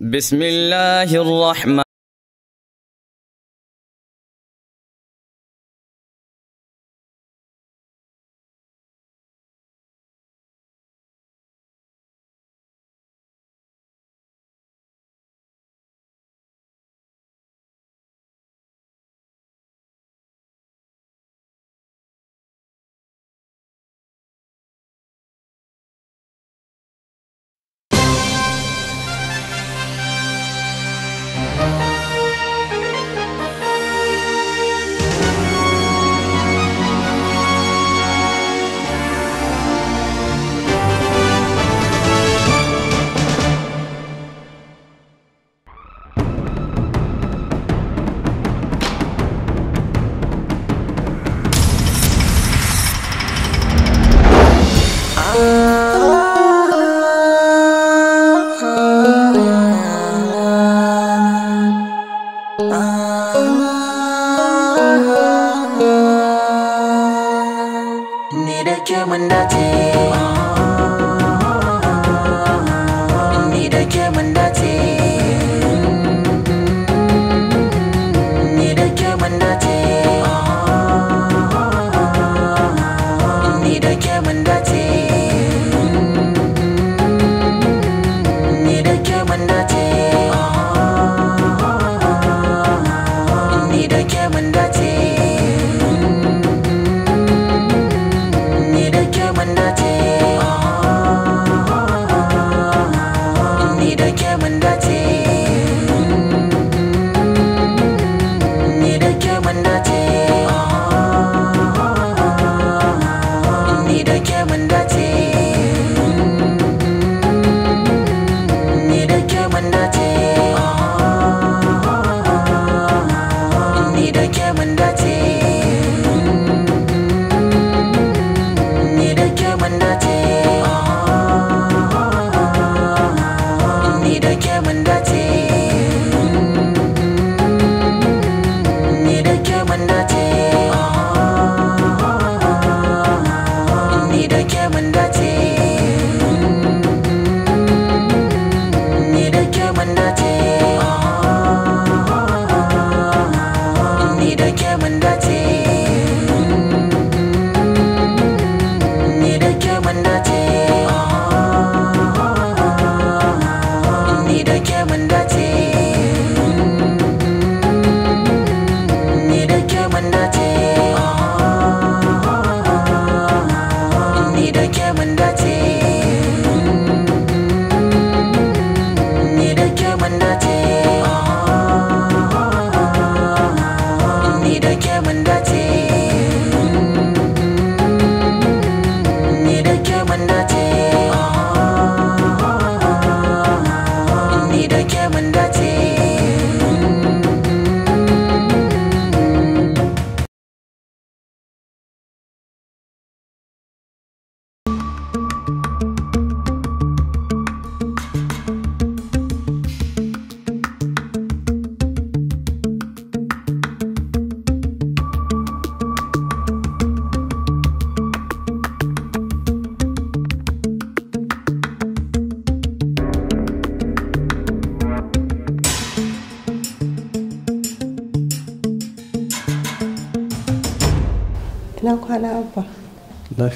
بسم الله الرحمن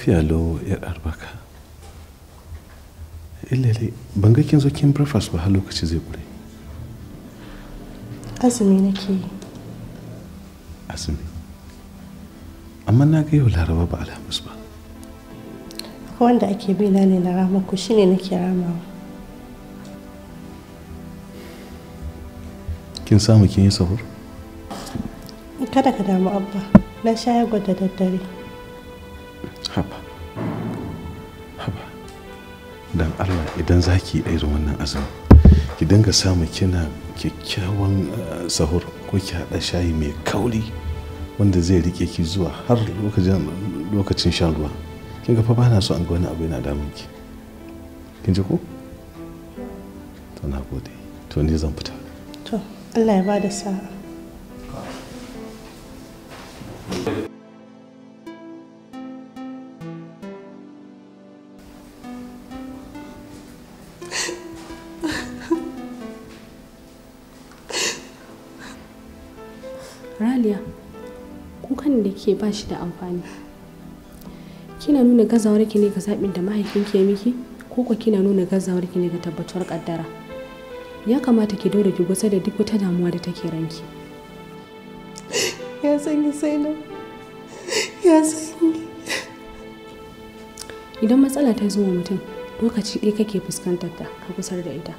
lafiya lo ya arbaka illale ban ga kin zo kin breakfast ba har lokaci zai kure azumi nake yi azumi amma na ga yau laraba ba alhamis ba akwai wanda ake bi na ne na ramaku shine nake ramawa kin samu kin yi sahur kada ka damu abba na shayar da daddare idan za ki yi irin wannan azumi ki dinga samu kina kyakkyawan eh, sahur ko ki haɗa shayi mai kauri wanda zai rike ki zuwa har lokacin shan ruwa kin ga fa ba na so an ga wani abu yana damun ki kin ji ko to na gode to ni zan fita to Allah ya bada sa'a ba shi da amfani kina nuna gazawar ki ne ga zaɓin da mahaifinki ya miki ko ko kina nuna gazawar ki ne ga tabbatar ƙaddara. ya kamata ki dora ki gusa da duk wata damuwa da take ranki ya sanya sai na ya sanya. idan matsala ta zo mutum lokaci ɗaya kake fuskantar ta ka gusar da ita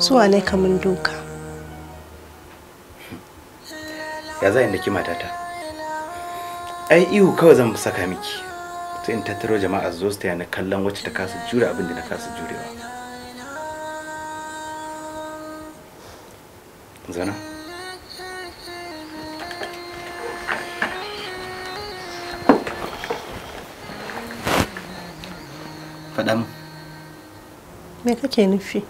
zuwa ne kamun doka ya za inda ki matata ai ihu kawai zan saka miki sai in tattaro jama'a zo su na kallon wacce ta kasa jure abin da na kasa jurewa zana faɗa mu me kake nufi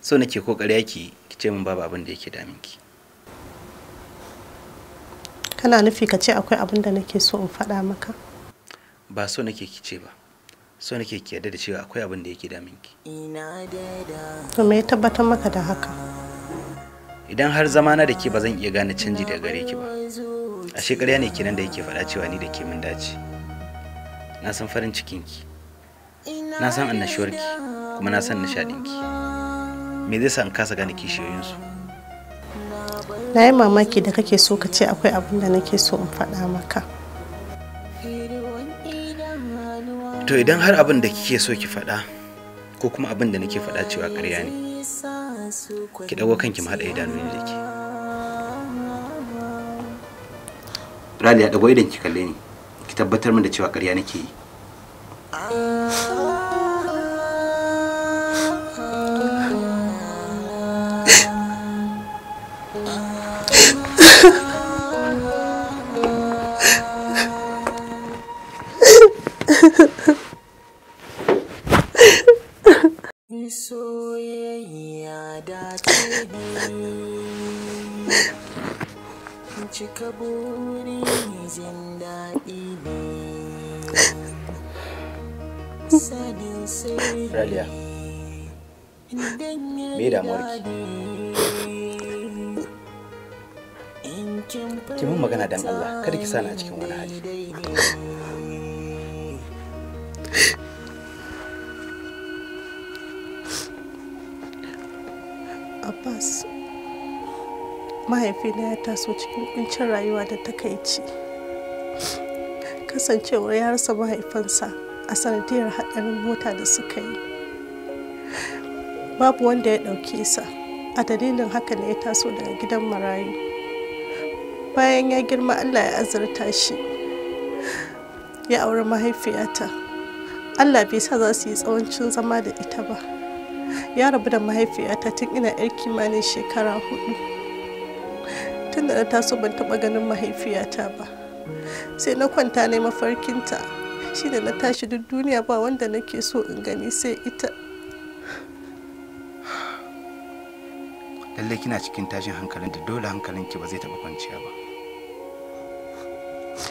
so nake kokari yake ki ce min babu abin da yake damin ki kana nufi ka ce akwai abin da nake so in faɗa maka ba so nake ki ce ba so nake ki yarda da cewa akwai abin da yake damin ki to me ya tabbatar maka da haka idan har zamana da ke ba zan iya gane canji daga gare ki ba ashe ƙarya ne kenan da yake faɗa cewa ni da ke mun dace na san farin cikin ki na san annashuwarki kuma na san ki me zai sa in kasa gane su na yi mamaki da kake so ka ce akwai abin da nake so in faɗa maka to idan har abin da kike so ki faɗa ko kuma abin da nake faɗa cewa ƙarya ne ki ɗauko kanki ma haɗa ne da ke Raliya ɗago idan ki kalle ni ki tabbatar min da cewa ƙarya nake yi soyayya da cika Ki mun magana don Allah, kada ki sani a cikin wani hali. abbas mahaifina ya taso cikin kuncin rayuwa da takaici kasancewar ya rasa mahaifansa a sanadiyar haɗarin mota da suka yi babu wanda ya ɗauke sa a dalilin haka ne ya taso daga gidan marayu bayan ya girma allah ya azurta shi ya auri mahaifiyata allah bai sa za su yi tsawancin zama da ita ba ya rabu da mahaifiyata tun ina yar kimanin shekara hudu tun da taso ban taba ganin mahaifiyata ba sai na kwanta ne mafarkinta shi da na tashi duk duniya ba wanda nake so in gani sai ita lallai kina cikin tashin hankalin da dole hankalinki ba zai taɓa kwanciya ba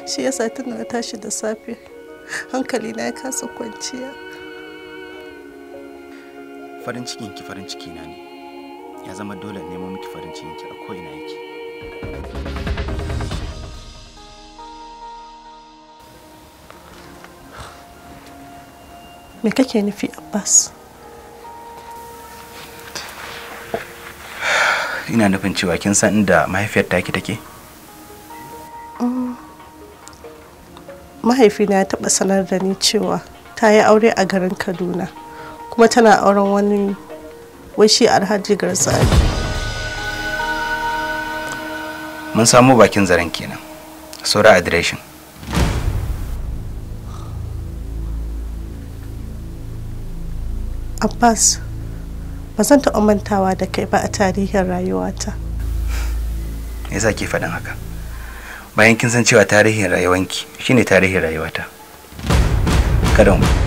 shi yasa tun da na tashi da safe hankali na ya kasa kwanciya farin cikin ki farin ciki na ne ya zama dole nemo miki farin cikin ki a ko yake me kake nufi abbas ina nufin cewa kin san inda mahaifiyar taki take mm. mahaifina ya taɓa sanar da ni cewa ta yi aure a garin kaduna kuma tana auren wani washi a alhaji garzali mun samu bakin zaren kenan saura adireshin abbas ba zan taɓa mantawa da kai ba a tarihin rayuwata ya za ke faɗin haka bayan kin san cewa tarihin rayuwanki shine tarihin rayuwata kada mu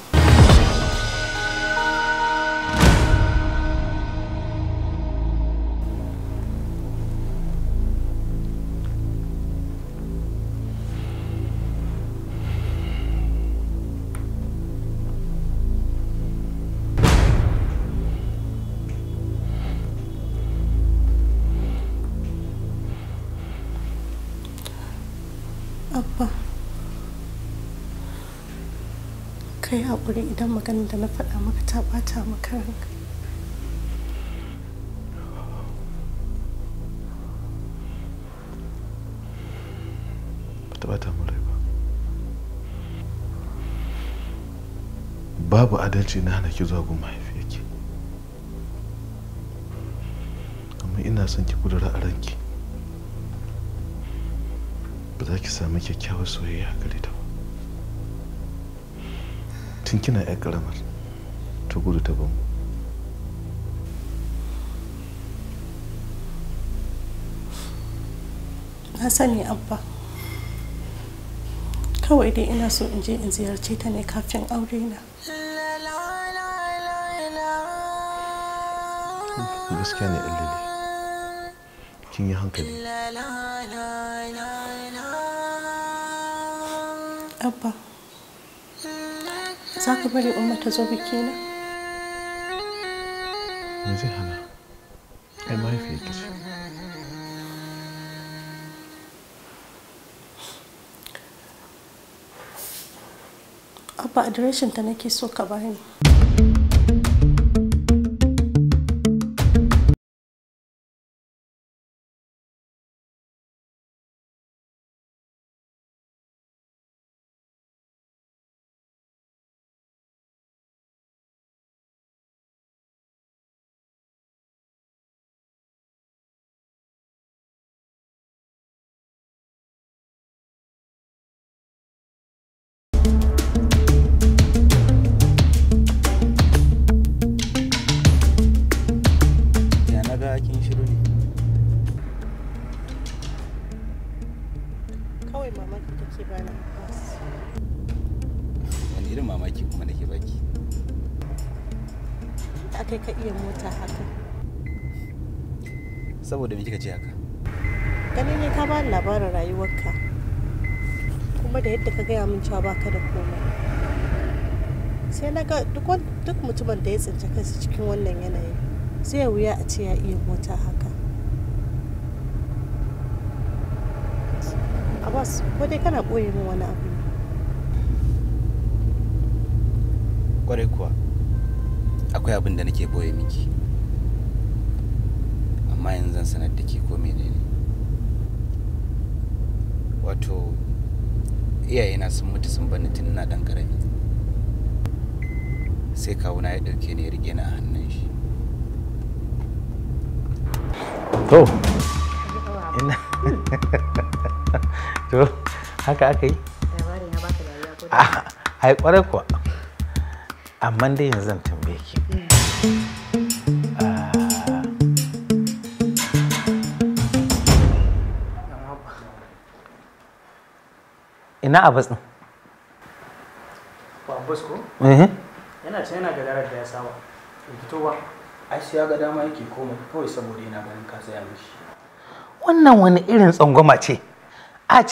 maganin da na faɗa maka ta ɓata maka ranka ta ɓata mu rai ba babu adalci na hana ki zuwa gun mahaifiyarki amma ina son ki kudura a ranki ba za ki sami kyakkyawar soyayya a gare ta ba tun kina yar karamar ta gudu ta bamu na sani abba kawai dai ina so in je in ziyarce ta ne kafin aure na gaskiya ne illili kin yi hankali abba za ka bari umma ta zo biki na me zai hana ai mahaifiyar ki ce abba adireshin ta nake so ka bani rayuwarka kuma da yadda ka gaya min cewa baka da komai sai na ga duk mutumin da ya tsinci kansa cikin wannan yanayi zai wuya a ce ya iya mota haka abbas ko dai kana ɓoye min wani abu kwarai kuwa akwai abin da nake ɓoye miki amma yanzu zan sanar da ke ko menene wato iyayena sun mutu sun bani tun na dan karami sai kawuna ya dauke ni ya rike ni a hannun shi to ina to haka aka yi ah, ai kwarai kuwa amma dai yanzu ina abbas din ko yana can yana ga darar da ya saba in fito ba ai sai ga dama yake koma kawai saboda yana ganin ka saya mishi wannan wani irin tsangwama ce a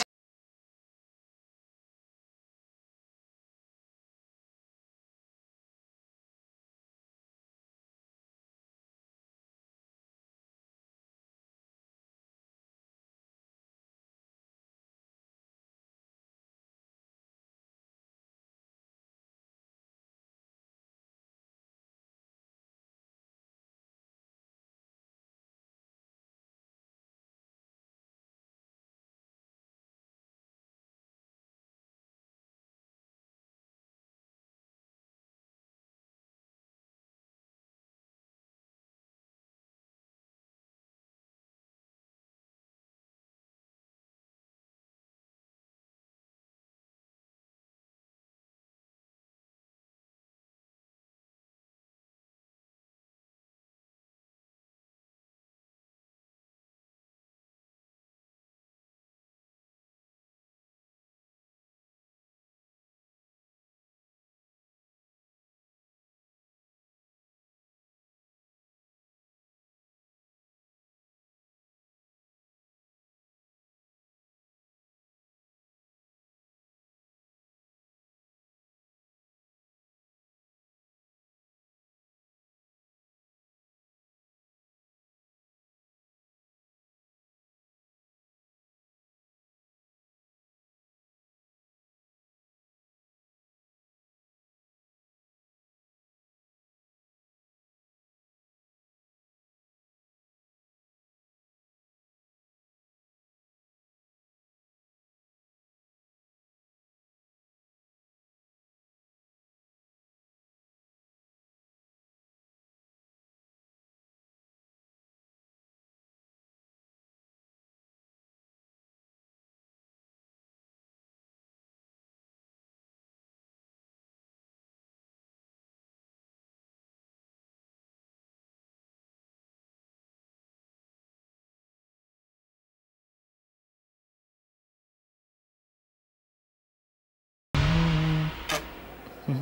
Кай,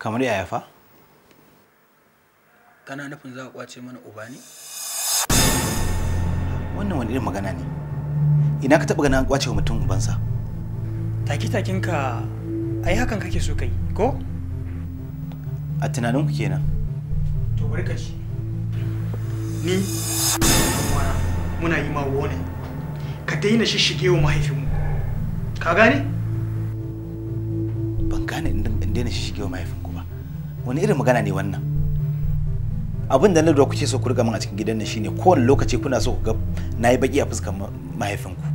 Kamar yaya fa? Kana nufin za a mana uba ne? Wannan wani irin magana ne? Ina ka taɓa ganin an kwace wa mutum ubansa? taki-takinka. ai hakan kake so kai ko a tunanin ku kenan to bari ka ci ni muna yi ma wone ka daina shishige wa mahaifinmu ka gane ban gane in daina shishige wa mahaifinku ba wani irin magana ne wannan abin da na da kuke so ku riga min a cikin gidan nan shine kowane lokaci kuna so ku ga yi baki a fuskar mahaifinku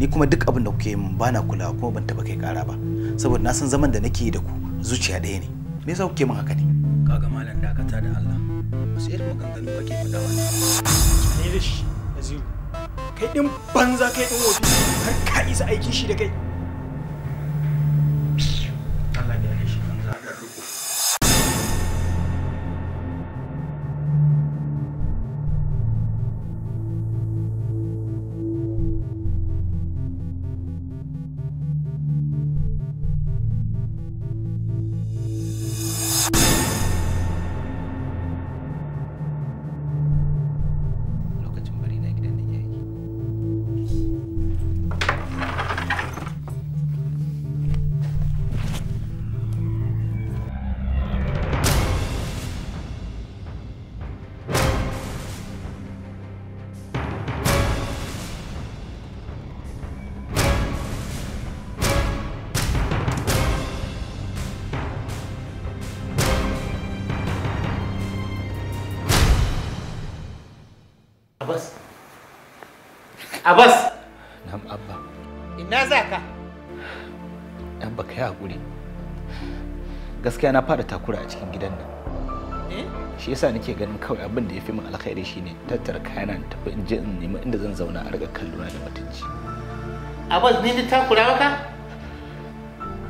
ni kuma duk abin da kuke min na kulawa kuma ban taba kai kara ba saboda na san zaman da nake da ku zuciya ɗaya ne me yasa kuke min haka ne kaga malam dakata da Allah wasu irin maganganu kake faɗa wani ne da shi Naziru kai din banza kai din wofi har ka isa aikin shi da kai gaskiya na fara takura a cikin gidan nan eh? shi yasa nake ganin kawai abin da ya fi min alkhairi shine tattara kayana in tafi in je in nemi inda zan zauna a riga kalluna da mutunci abaz ni ni takura maka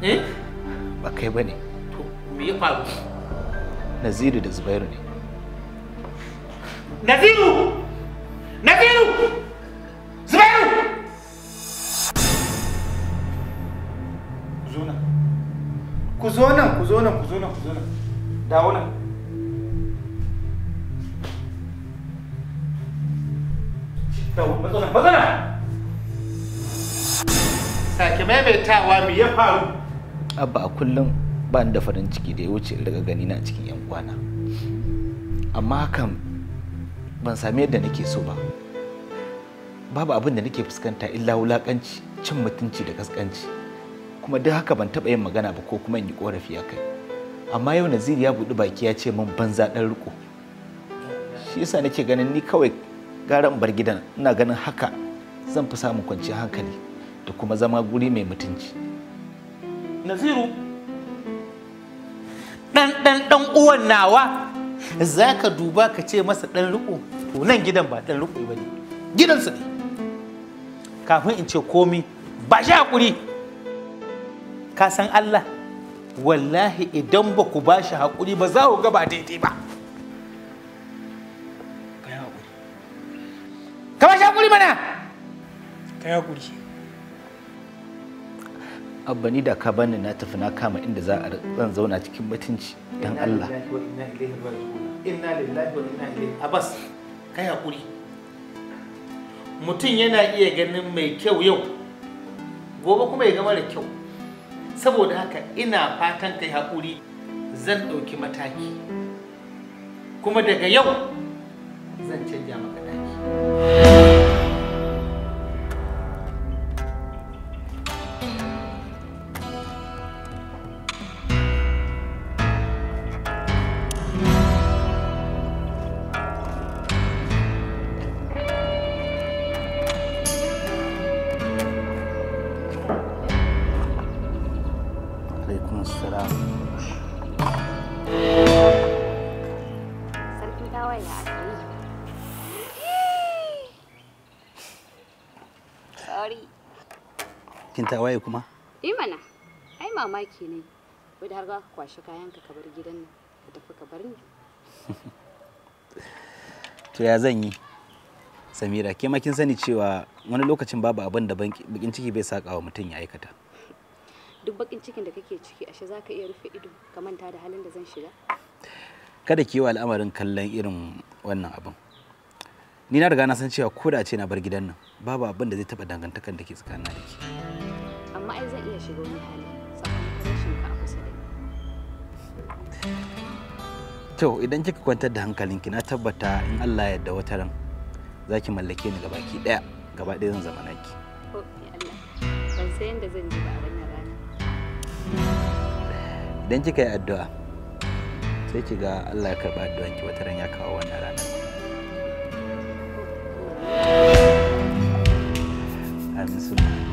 eh ba kai bane to me ya faru naziru da zubairu ne naziru naziru ku zo nan ku zo nan ku zo nan ku zo nan dawo nan dawo matsala matsala sake maimaitawa me ya faru abba a kullum ba da farin ciki da ya wuce in daga gani na cikin yan kwana, amma hakan ban sami yadda nake so ba babu abin da nake fuskanta illa wulakanci cin mutunci da kaskanci kuma duk haka ban taɓa yin magana ba ko kuma in yi korafi a kai amma yau Naziru ya buɗi baki ya ce min banza ɗan riko shi yasa nake ganin ni kawai gara in bar gidan ina ganin haka zan fi samun kwanciyar hankali da kuma zama guri mai mutunci naziru ɗan ɗan ɗan uwan nawa za ka duba ka ce masa ɗan riko to nan gidan ba ɗan riko ba ne gidansu ne kafin in ce komi ba shi haƙuri ka san Allah wallahi idan ba ku ba shi haƙuri ba za ku ga ba daidai ba ka yi haƙuri ka ba shi haƙuri mana ka yi haƙuri abba ni da ka bani na tafi na kama inda za a zan zauna cikin mutunci dan Allah inna lillahi wa inna ilaihi abbas kai hakuri mutum yana iya ganin mai kyau yau gobe kuma ya ga mara kyau saboda haka ina fatan kai haƙuri zan ɗauki mataki kuma daga yau zan canja maka daki. waye kuma? Imana, ai mamaki ne. da har ka kwashi kayanka ka bar gidan nan, ka tafi ka bar ni. To ya zan yi? Samira, ke kin sani cewa wani lokacin babu abin da bakin ciki bai saka wa mutum ya aikata. Duk bakin cikin da kake ciki ashe za ka iya rufe ido ka manta da halin da zan shiga? Kada ki yi wa al'amarin kallon irin wannan abin. Ni na riga na san cewa ko da ce na bar gidan nan babu abin da zai taba dangantakan da ke tsakanin da ke. amma ai zan iya shiga wani hali sakamakon rashin ka a kusa da to idan kika kwantar da hankalinki na tabbata in Allah ya yarda wataran ran zaki mallake ni gabaki daya gaba daya zan zama naki ko Allah ban san yanda zan ji ba a wannan rana idan kika yi addu'a sai ki ga Allah ya karba addu'anki wata ran ya kawo wannan ranar amin sunan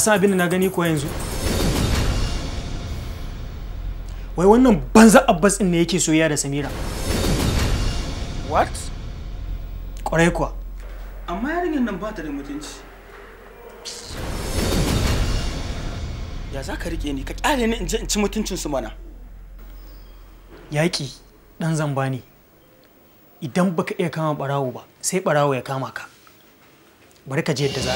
ka san abin da na gani ko yanzu wai wannan banza abbas din ne yake soyayya da samira what Ƙwarai kuwa amma yarinyar nan ba ta da mutunci ya za ka rike ni ka kyale ni in je in ci mutuncin su mana yaƙi ɗan zamba ne idan baka iya kama ɓarawo ba sai ɓarawo ya kama ka bari ka je yadda za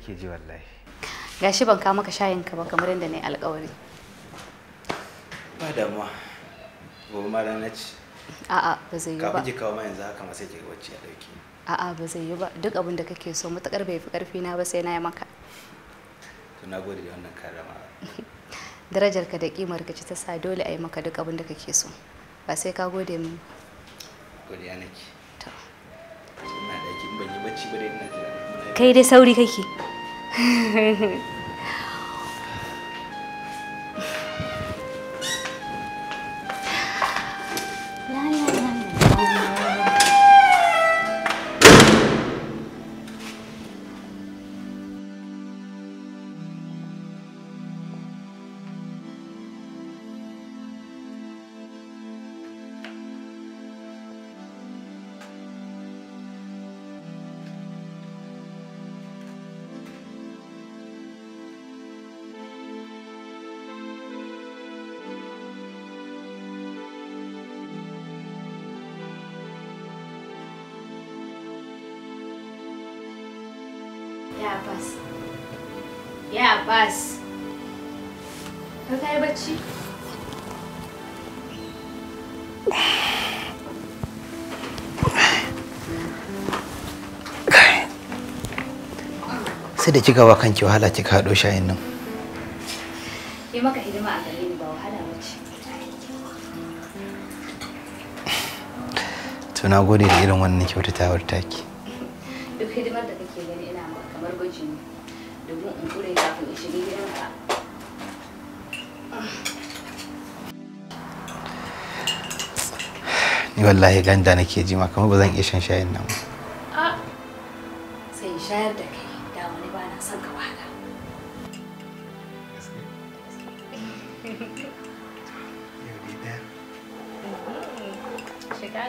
nake ji wallahi gashi ban ka maka shayin ka ba kamar yadda ne alƙawari ba damuwa gobe ma rana ce a'a ba zai yi ba kafin ki kawo ma yanzu haka ma sai ki wacce ya dauke a'a ba zai yi ba duk abin da kake so matakar bai fi karfi na ba sai na yi maka to na gode da wannan karama darajar ka da kimar ka ci ta sa dole a yi maka duk abin da kake so ba sai ka gode min gode ya nake to ina da kin ban yi bacci ba dai ina jira kai dai sauri kake 呵呵。sai da kika kan ki wahala kika hado shayin nan yi maka hidima a gare ni ba wahala bace to na gode da irin wannan kyautatawar taki duk hidimar da kake gani ina ma kamar gwaji ne domin in kure kafin in shiga gidanka ni wallahi ganda nake ji ma kamar ba zan iya shan shayin nan ba A ah, sai shayar da kai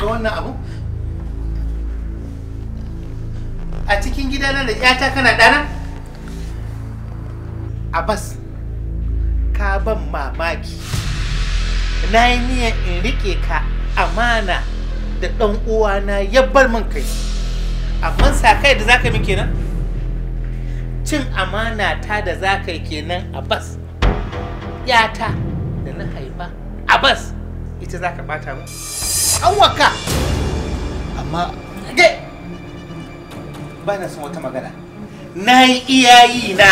ga wannan abu a cikin gidana da yata kana ɗana abbas ka ban mamaki na yi niyan in riƙe ka amana da ɗan uwana ya bar min kai amma sa kai da zaka min kenan cin amana ta da zaka yi kenan abbas yata da na haifa abbas ita zaka bata mu waka amma ge ba na son wata magana na yi iyayi na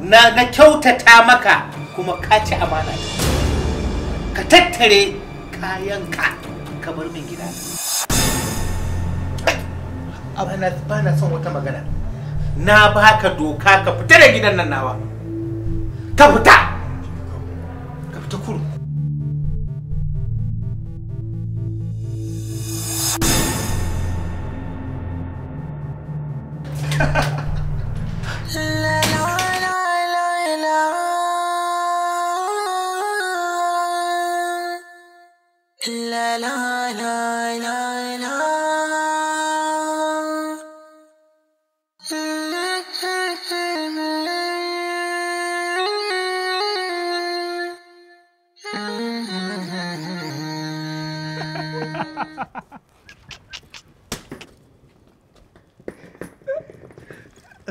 na na kyautata maka kuma ka ci amana ka tattare kayanka ka bar min gida ba na son wata magana na baka doka ka fita da gidan nan nawa ka fita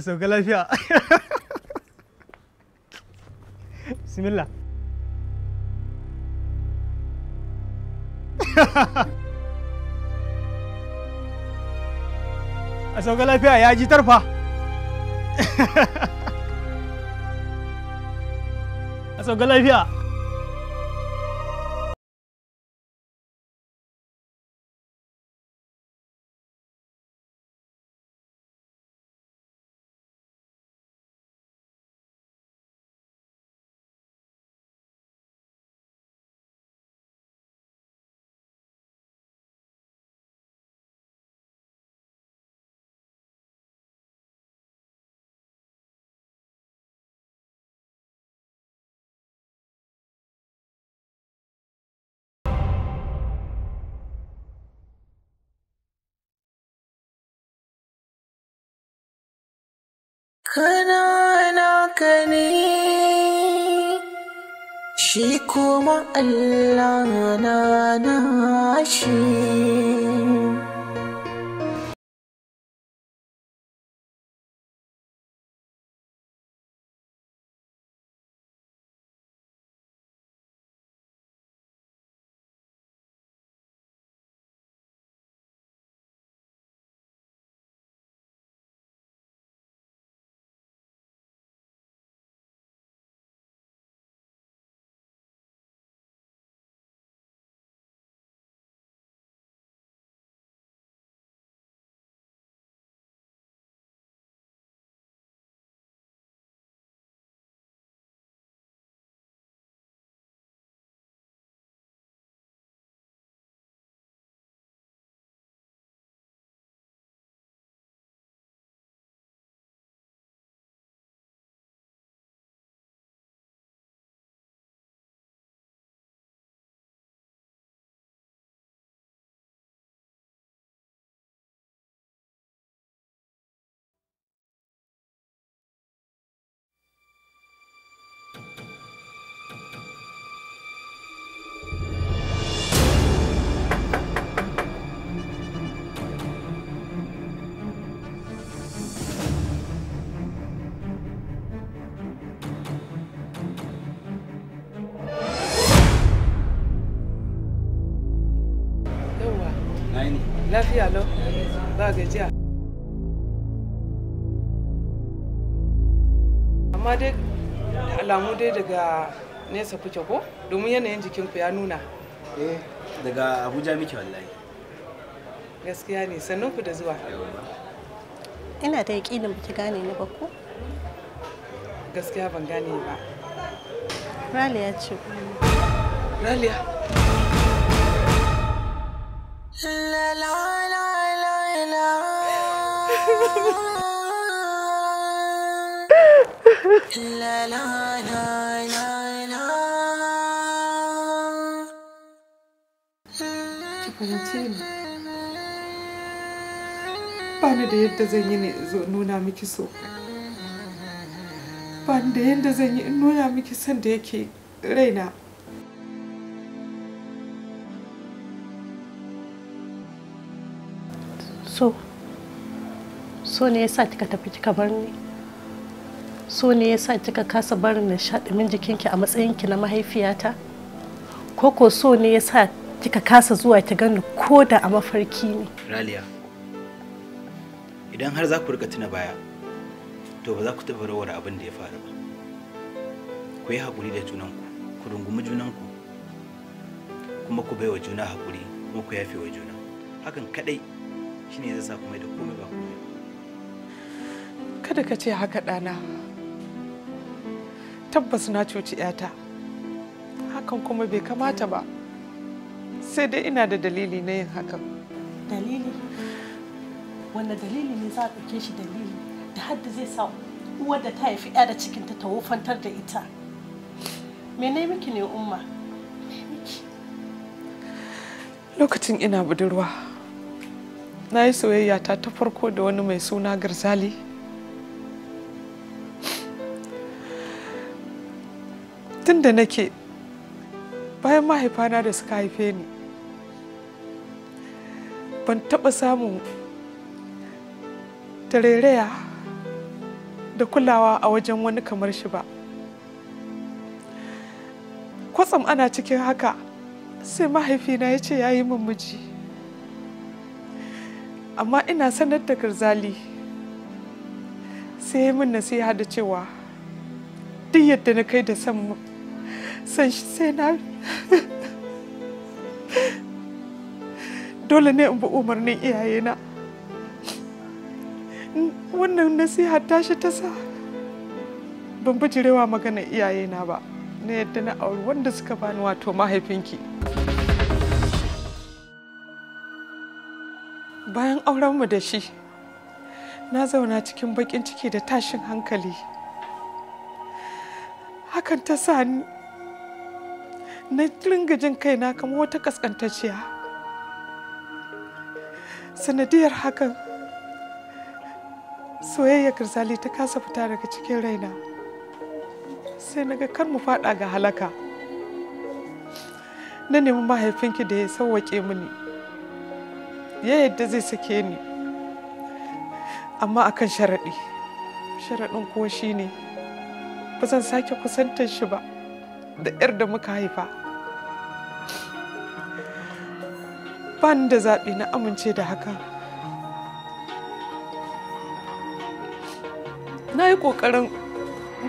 sauka lafiya bismillah lafiya ya ji tarfa lafiya kanana ka ne shi kuma Allah na shi alamu dai daga nesa kuke ko domin yanayin jikinku ya nuna eh daga abuja muke wallahi gaskiya ne sannan ku da zuwa ina da yaƙinin baki gane ni ba ko gaskiya ban gane ba raliya ce raliya la la la la la la la la la la ki fahimce ba ni da yadda zan yi ne nuna miki so ba ni da yadda zan yi in nuna miki son da yake raina so so ne sa kika tafi kika bar ni so ne ya sa kika kasa barin na shaɗumin jikinki a matsayinki na mahaifiyata ko so ne ya sa kika kasa zuwa ki gani ko da a mafarki ne raliya idan har za ku rika tuna baya to ba za ku taɓa rawar abin da ya faru ba ku yi haƙuri da junanku ku rungumi junanku kuma ku baiwa juna haƙuri kuma ku yafe wa juna hakan kaɗai shine zai sa kuma da komai ba komai kada ka ce haka ɗana tabbas na coci 'yata hakan kuma bai kamata ba sai dai ina da dalili na yin hakan dalili wanda dalili ne za a shi dalili da hadda zai sa uwar da ta haifi 'ya da cikinta ta wufantar da ita mene miki ne umma lokacin ina budurwa na yi soyayya ta ta farko da wani mai suna garzali tun da nake bayan mahaifana da suka haife ni ban taɓa samun tarairaya da kulawa a wajen wani kamar shi ba kwatsam ana cikin haka sai mahaifina ya ce ya yi mummuji amma ina sanar da garzali sai ya min nasiha da cewa duk yadda na kai da san san shi sai na dole ne in bi umarnin iyayena wannan nasiha tashi ta sa ban bijirewa maganar iyayena ba na yadda na auri wanda suka bani wato mahaifinki bayan aurenmu da shi na zauna cikin bakin ciki da tashin hankali hakan ta sa ni na ringa jin kaina kamar wata kaskantacciya sanadiyar hakan soyayya Kirzali ta kasa fita daga cikin raina sai na ga kar mu fada ga halaka na nemi mahaifinki da ya sauwaƙe mini ya yadda zai sake ni amma akan sharaɗi sharaɗin kuwa shine ba zan sake kusantar shi ba da 'yar da muka haifa Bani da zaɓi na amince da hakan na yi ƙoƙarin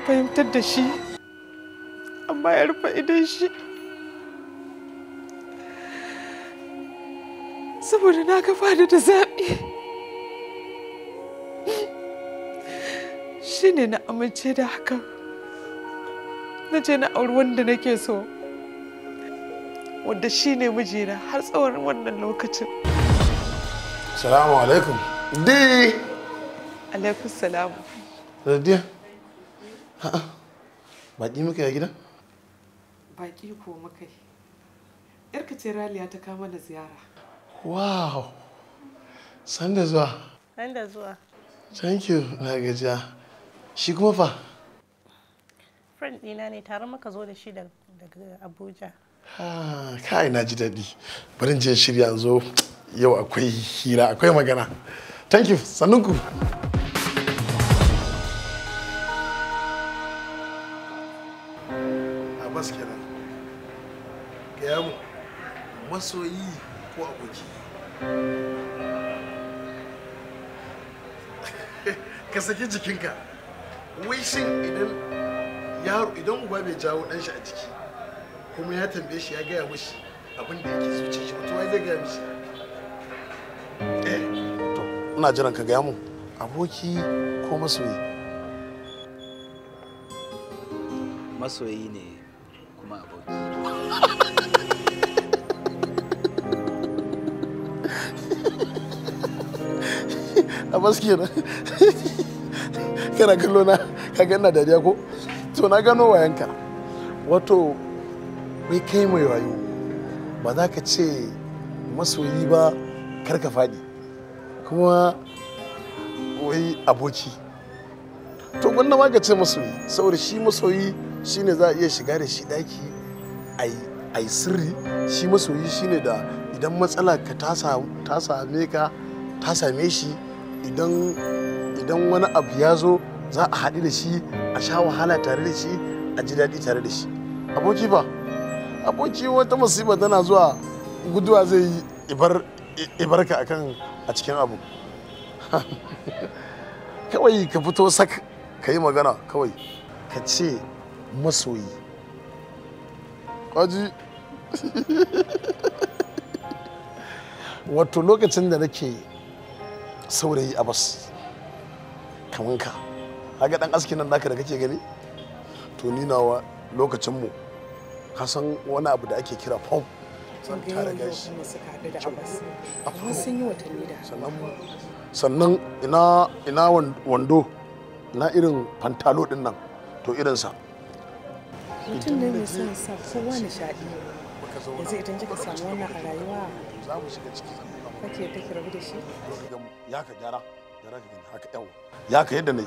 fahimtar da shi amma ya rufe idan shi saboda na ka bani da zaɓi shi ne na amince da hakan na ce na auri wanda nake so wanda shi ne mijina har tsawon wannan lokacin. Salamu alaikum. Di! Alaikun salamu. Radiya? Ha'a, baƙi muka yi gida? Baƙi ko muka yi. ‘Yarka ce Raliya ta kama da ziyara. Wow! San da zuwa. San da zuwa. Thank you, na gajiya. Shi kuma fa? Friend ɗina ne tare maka zo da shi daga Abuja. Ah, kai na ji daɗi bari je shirya zo yau akwai hira akwai magana thank you sannunku abbas kenan gaya mu masoyi ko aboki ka saki jikinka wai shin idan yaro idan uba bai jawo ɗanshi a jiki kuma ya tambaye shi ya gaya mishi abin da yake zuce shi mutum zai gaya mishi eh to ina jiran ka gaya mu aboki ko masoyi masoyi ne kuma aboki a baske na kana kallo na ka ina dariya ko to na gano wayanka wato akwai kai mai wayo ba za ka ce masoyi ba kar ka faɗi kuma wai aboki to wannan ma ka ce masoyi saboda shi masoyi shine za a iya shiga da shi ɗaki a yi sirri shi masoyi shine da idan matsala ka ta same ka ta same shi idan idan wani abu ya zo za a haɗu da shi a sha wahala tare da shi a ji daɗi tare da shi aboki ba aboki wata musiba tana zuwa guduwa zai yi ibarka akan a cikin abu kawai ka fito sak ka yi magana kawai ka ce masoyi kwaji wato lokacin da nake saurayi a bas kamanka ka ga dan askin na naka da kake gani to ni nawa lokacin mu kasan wani abu da ake kira pom sun tare A kuma sun yi watanni da sannan sannan ina ina wando na irin pantalo din nan to irinsa mutum ne mai son sa kowa nishaɗi yanzu idan kika samu wannan a rayuwa za mu shiga ciki kake ta rabu da shi ya ka gyara gyara ka haka yawa ya ka yadda ne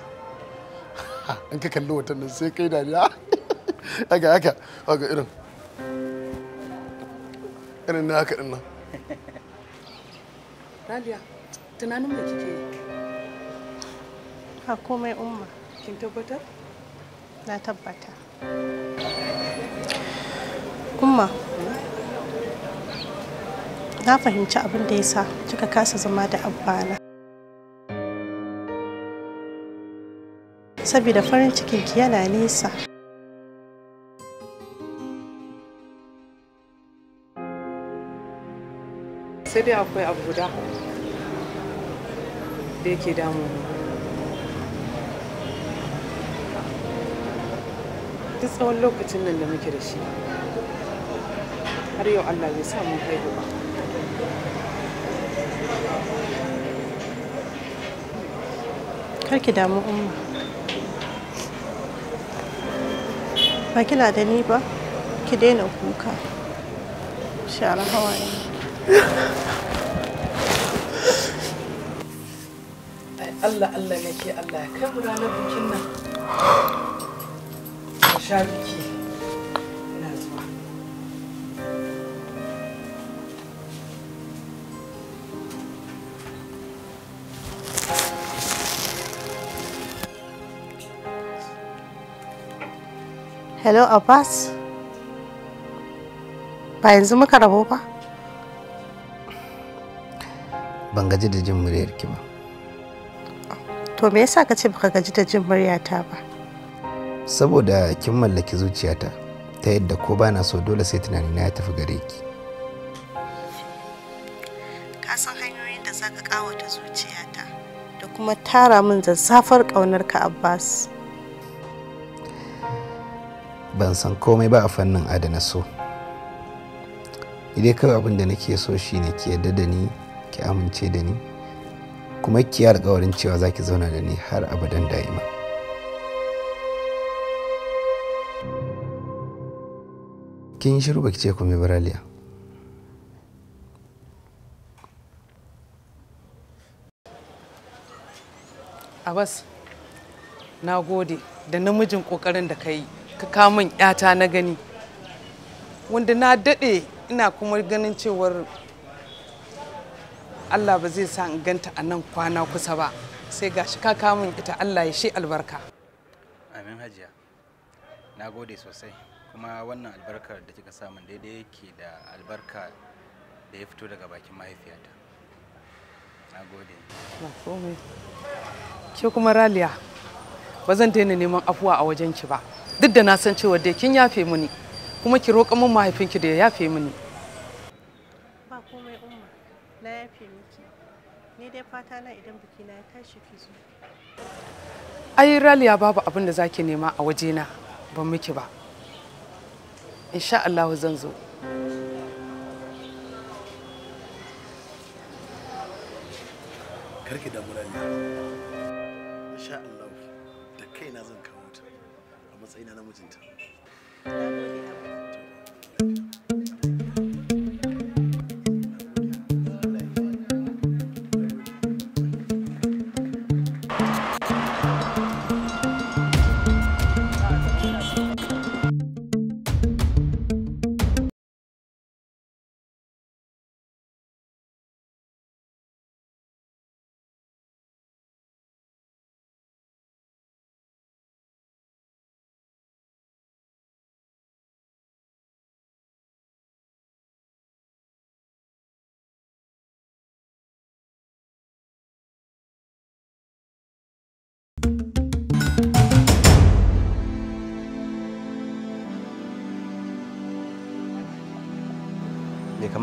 an ka kalli watan nan sai kai da dariya haka haka haka irin irin na haka dinnan Raliya tunanin me kike yi ha komai umma kin tabbatar na tabbata umma na fahimci abin da ya sa kika kasa zama da abbana saboda farin cikinki yana nesa sai dai akwai abu guda da yake damu duk tsawon lokacin nan da muke da shi har yau allah bai sa mun haihu ba karki damu umma ba kina da ni ba ki daina kuka shara hawaye Allah Allah ke Allah ya kai ranar bikin nan a sha biki ina zuwa Hello Abbas ba yanzu muka rabo ba ban gaji da jin muryarki ba To me yasa ka ce baka gaji da jin muryata ba? Saboda kin mallaki zuciyata ta yadda ko bana so dole sai tunani na ya tafi gare ki. Ka san hanyoyin da zaka kawata zuciyata da kuma tara min zazzafar ƙaunarka Abbas. Ban san komai ba a fannin adana so. idai kawai abin da nake so shine ki yarda da ni ki amince da ni kuma ki alkawarin cewa za ki zauna da ni har abadan da'ima. Kin yi shiru baki ce mai baraliya. bas na gode da namijin ƙoƙarin da ka yi, ka kamun 'yata na gani, wanda na daɗe ina kuma ganin cewar Allah ba zai sa in ganta a nan kwana kusa ba sai gashi ka kamun ita Allah ya shi albarka amin hajiya na gode sosai kuma wannan albarkar da kika samun daidai yake da albarka da ya fito daga bakin mahaifiyata na gode ke kuma raliya ba zan daina neman afuwa a wajen ki ba duk da na san cewa da kin yafe mini kuma ki roƙa mun mahaifinki da ya yafe mini fata na idan biki ya tashi ki zo. Ai Raliya babu abin da zaki nema a wajena ban miki ba. Insha Allah zan zo. Karki damu Raliya. Insha Allah da kaina zan kawo ta a matsayina na mijinta.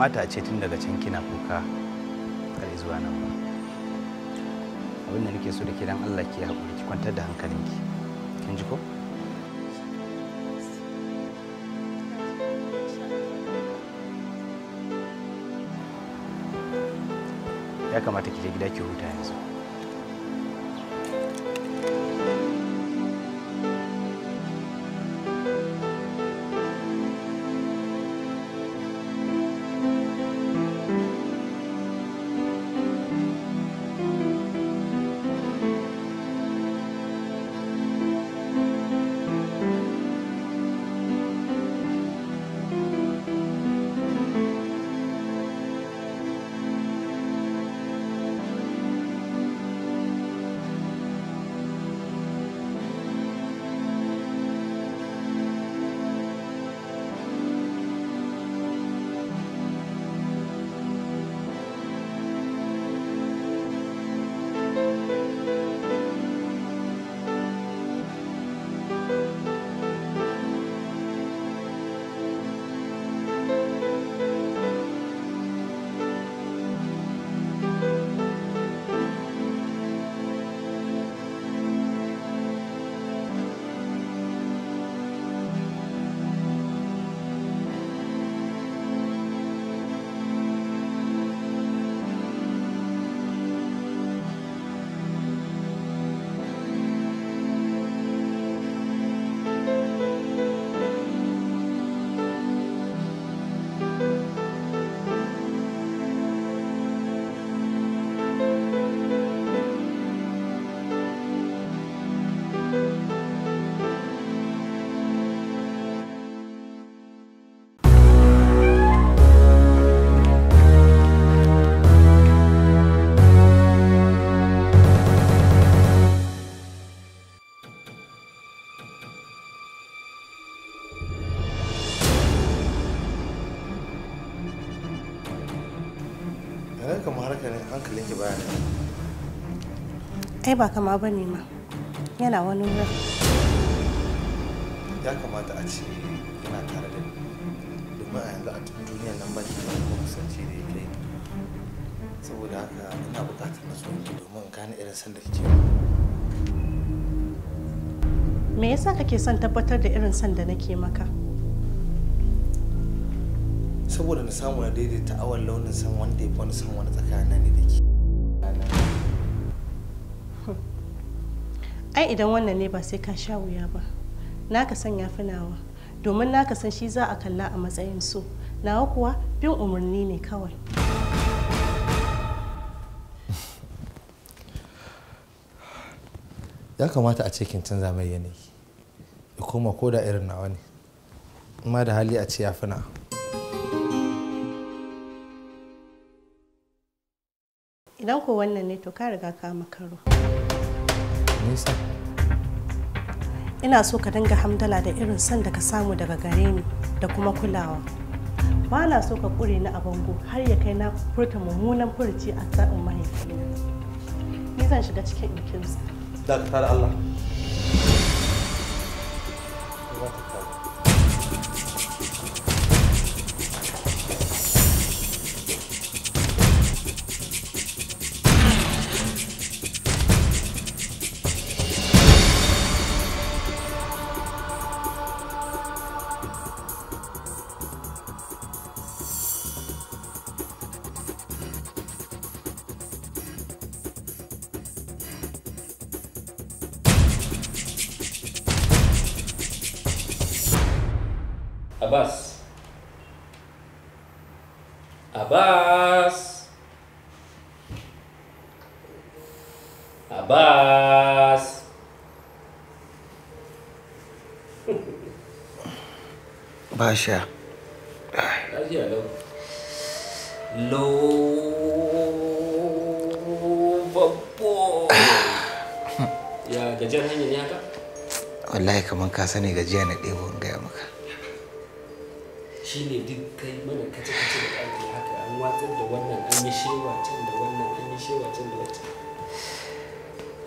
kamata a ce tun daga can kina kuka har zuwa nan ba abin da nake so da ke Allah ke haƙuri ki kwantar da hankalinki kin ji ko ya kamata ki je gida ki huta yanzu kai ba kama ba ma yana wani wurin ya kamata a ce yana tare da domin a yanzu a cikin duniyar nan ba da kuma kusanci da kai saboda haka ina buƙatar na tsoron domin gane irin sanda da kike me yasa kake son tabbatar da irin sanda da nake maka saboda na samu na daidaita awon launin san wanda ya fi wani san wani tsakanin ne da ke ai idan wannan ne ba sai ka sha wuya ba naka san ya finawa, domin domin naka san shi za a kalla a matsayin so nawa kuwa bin umarni ne kawai ya kamata a cikin canza mai yanayi ya koma ko da irin nawa ne ma da hali a ce ya fina. idan ko wannan ne to ka riga ka makaro Nisa. Ina so ka dinga hamdala da irin san da ka samu daga gare ni da kuma kulawa. Ba na so ka ƙure ni a bango har ya kai na furta mummunan furci a tsarin mahaifina. Ni zan shiga cikin ikinsa. Dakatar Allah. Asiya. Lafiya Ya gajiyar hanyar ne haka? Wallahi kamar ka sani gajiya na ɗebo in gaya maka. Shi ne duk kai mana kace-kace da ƙarfi haka an watsar da wannan an yi shewa can da wannan an yi shewa can da wancan.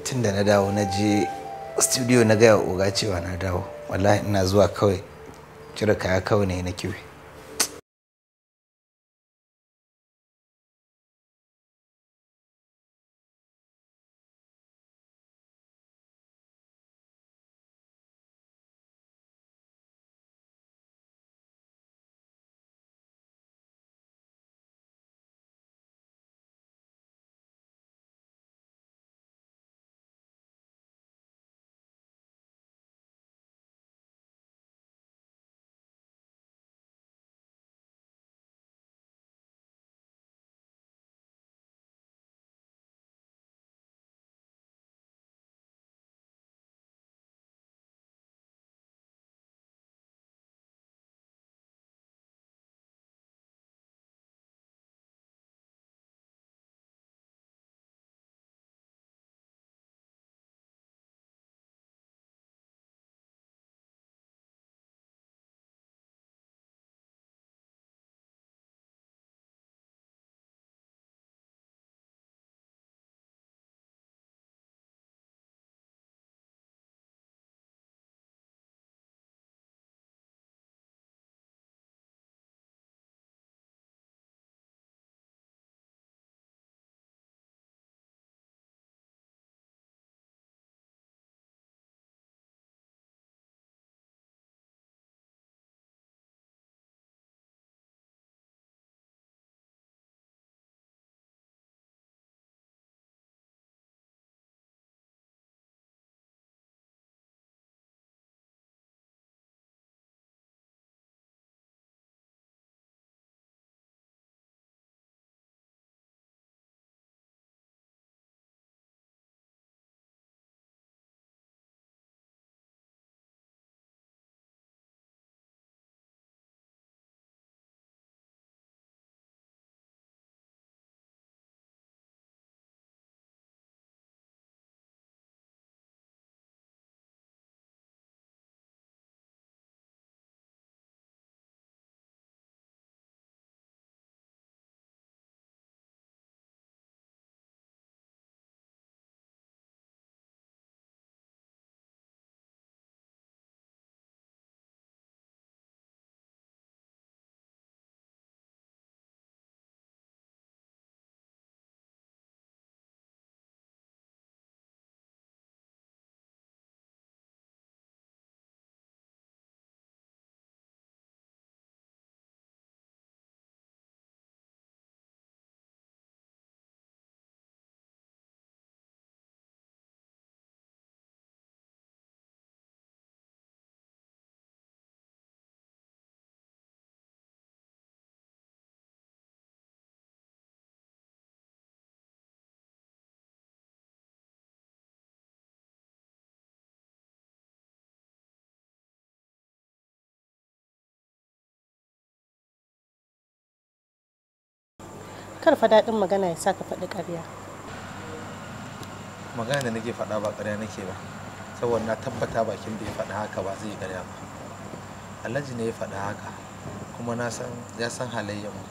Tun da na dawo na je studio na gaya wa oga cewa na dawo. Wallahi ina zuwa kawai cire kaya kawai ne na kiwe kar fa daɗin magana ya sa ka faɗi ƙarya magana da nake faɗa ba ƙarya nake ba saboda na tabbata bakin da ya faɗa haka ba zai ƙarya ba alhaji ne ya faɗa haka kuma na san ya san halayyarmu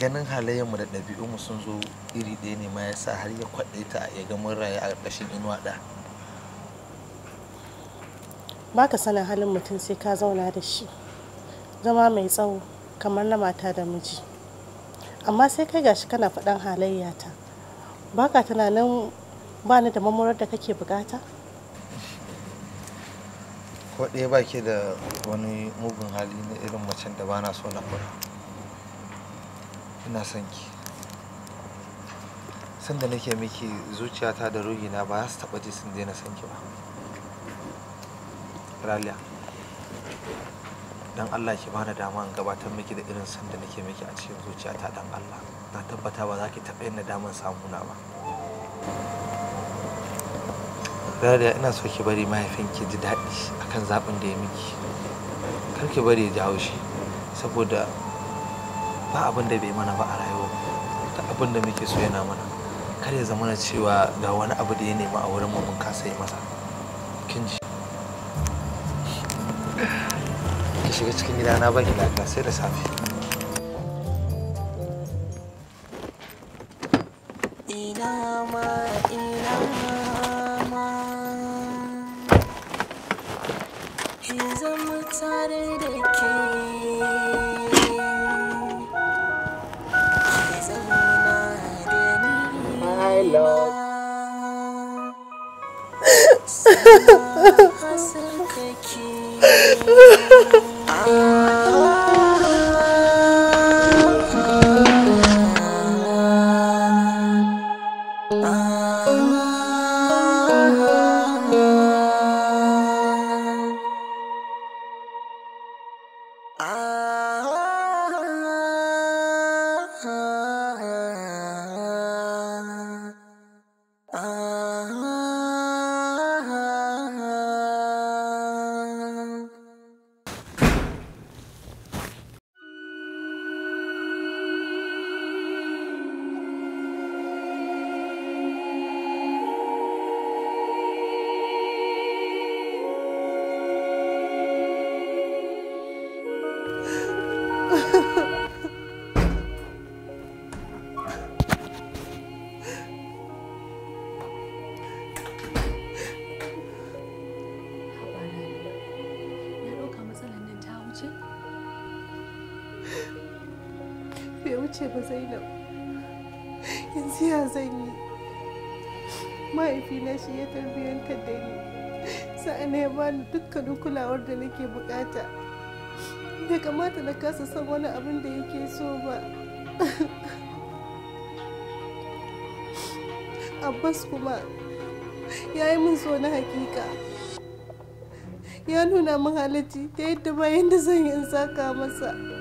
ganin halayyarmu da ɗabi'unmu sun zo iri ɗaya ne ma ya sa har ya kwaɗe ta ya ga mun raye a ƙarƙashin inuwa ɗa baka sanin halin mutum sai ka zauna da shi zama mai tsawo kamar na mata da miji amma sai kai gashi kana faɗan halayyata ba ka tunanin ba ni da mamurar da kake bukata ko ɗaya ba ke da wani mugun hali na irin macen da ba na so na kura ina son ki sanda nake miki zuciyata da ruhina ba za su taɓa ji sun daina son ki ba Raliya. dan Allah ki bani dama in gabatar miki da irin san da nake miki a cikin zuciyata dan Allah na tabbata ba za ki taɓa yin nadaman samuna ba dare ina so ki bari mahaifinki ji daɗi akan zaɓin da ya miki kar ki bari ya ji haushi saboda ba abin da bai mana ba a rayuwa ta abin da muke so yana mana kar ya zama cewa ga wani abu da ya nema a wurin mu mun kasa yi masa shiga cikin gidana ban ki lafiya sai da safe zainab yanzu ya zan yi mahaifina shi ya tarbiyyantar da ni sa'an ya ni dukkanin kulawar da nake bukata bai kamata na kasa san wani abin da yake so ba abbas kuma ya yi min so na hakika ya nuna min halitti ta yadda bayan da zan yi in saka masa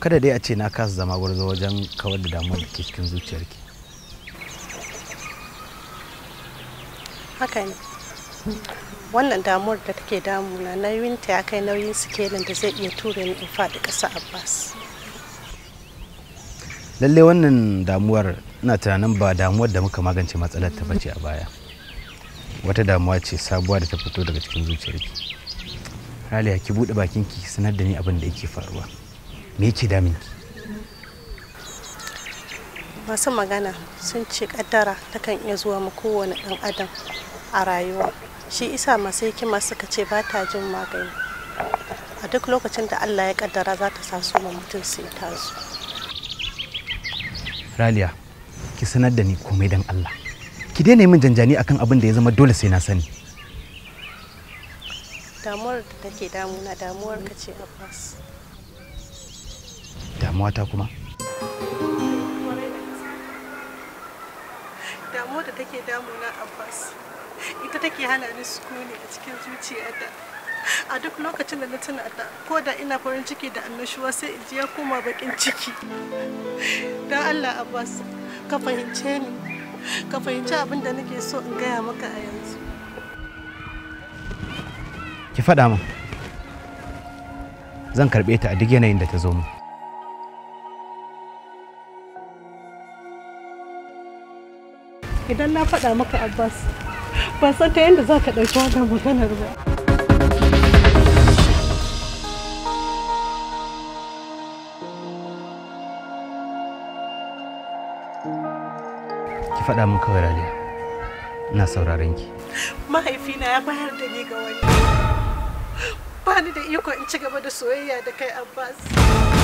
kada dai a ce na kasa zama gwarzo wajen kawar da damuwar da ke cikin zuciyarki haka ne wannan damuwar da take damuna nauyinta ya kai nauyin sikelin da zai iya ture ni in faɗi ƙasa abbas lalle wannan damuwar na tunanin ba damuwar da muka magance matsalar ta bace a baya wata damuwa ce sabuwa da ta fito daga cikin zuciyarki raliya ki buɗe bakinki sanar da ni abin da yake faruwa me yake damin ki masu magana sun ce kaddara kan iya zuwa mu kowane dan adam a rayuwa shi isa masu hikima suka ce ba ta jin magani a duk lokacin da allah ya kaddara za ta su ma mutum su ta zo raliya ki sanar da ni komai dan allah ki daina min janjani akan abin da ya zama dole sai na sani damuwar da take damuna damuwar ka ce abbas damuwa ta kuma damuwa da take damuna abbas ita take hana ni sukuni a cikin zuciyata a duk lokacin da na tuna ta ko da ina farin ciki da annashuwa sai in ji ya koma bakin ciki don allah abbas ka fahimce ni ka fahimci abin da nake so in gaya maka a yanzu ki faɗa min zan karɓe ta a duk yanayin da ta zo mu idan na faɗa maka abbas ba san ta yadda za ka ɗauki wannan maganar ba ki faɗa min kawai rali ina sauraron ki mahaifina ya bayar da ni ga wani ba ni da iko in ci gaba da soyayya da kai abbas